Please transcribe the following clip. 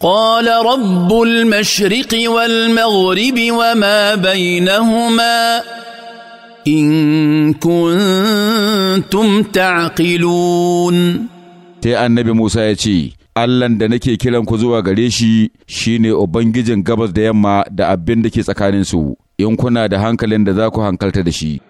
قال رب المشرق والمغرب وما بينهما ان كنتم تعقلون sai annabi Musa ya ce, Allahn da nake kiran ku zuwa gare shi shine Ubangijin gabas da yamma da abin da ke tsakaninsu, in kuna da hankalin da za ku hankalta da shi.